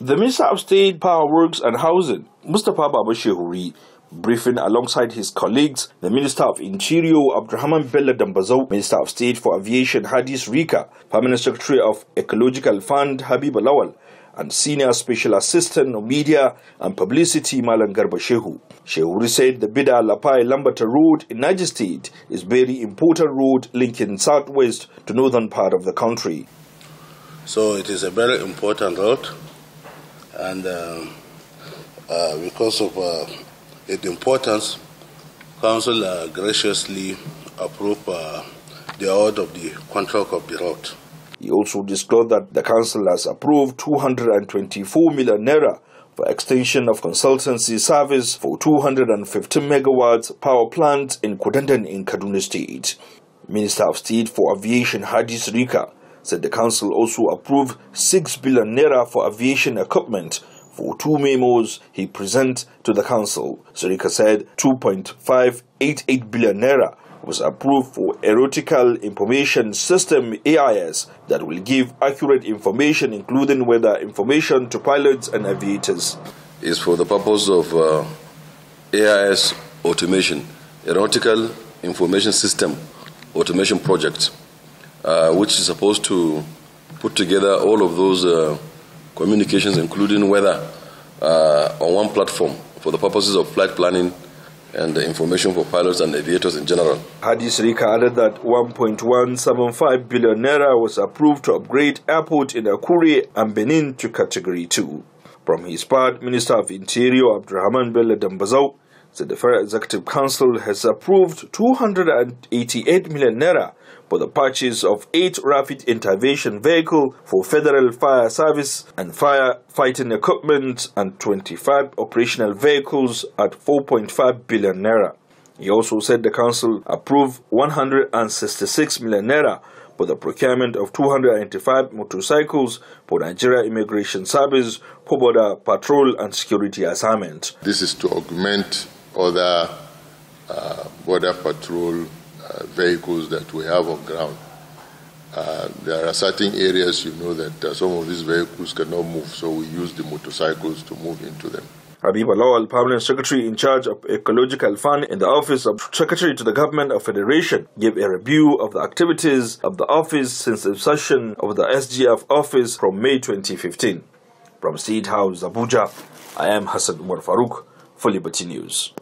The Minister of State, Power Works and Housing, Mustafa Baba Shehuri, briefing alongside his colleagues, the Minister of Interior, Abdrahaman Bello Dambazo, Minister of State for Aviation, Hadis Rika, Permanent Secretary of Ecological Fund, Habib Alawal, and Senior Special Assistant of Media and Publicity, Malan Garba Shehu. Shehuri said the Bida Lapai Lambata Road in Niger State is very important road linking southwest to northern part of the country. So it is a very important road and um, uh, because of uh, its importance, Council uh, graciously approved the award of the contract of the route. He also disclosed that the council has approved 224 million naira for extension of consultancy service for 215 megawatts power plant in Kudandan in Kaduna State. Minister of State for Aviation Hadi Rika said the council also approved 6 billion naira for aviation equipment for two memos he present to the council. Sirika said 2.588 billion naira was approved for Aeronautical Information System AIS that will give accurate information including weather information to pilots and aviators. Is for the purpose of uh, AIS automation, Aeronautical Information System Automation Project. Uh, which is supposed to put together all of those uh, communications, including weather, uh, on one platform for the purposes of flight planning and information for pilots and aviators in general. Hadis Rika added that 1.175 billion naira was approved to upgrade airport in Akure and Benin to category 2. From his part, Minister of Interior Abdurrahman Bello Dambazau the Deferred Executive Council has approved 288 million naira for the purchase of eight rapid intervention vehicle for federal fire service and fire fighting equipment and 25 operational vehicles at 4.5 billion naira. He also said the council approved 166 million naira for the procurement of 285 motorcycles for Nigeria Immigration Service for border patrol and security assignment. This is to augment other uh, border patrol uh, vehicles that we have on ground. Uh, there are certain areas, you know, that some of these vehicles cannot move, so we use the motorcycles to move into them. Habiba Lawal, Permanent Secretary in charge of Ecological Fund in the Office of Secretary to the Government of Federation, gave a review of the activities of the office since the inception of the SGF office from May 2015. From Seed House, Abuja, I am Hassan Umar Farouk for Liberty News.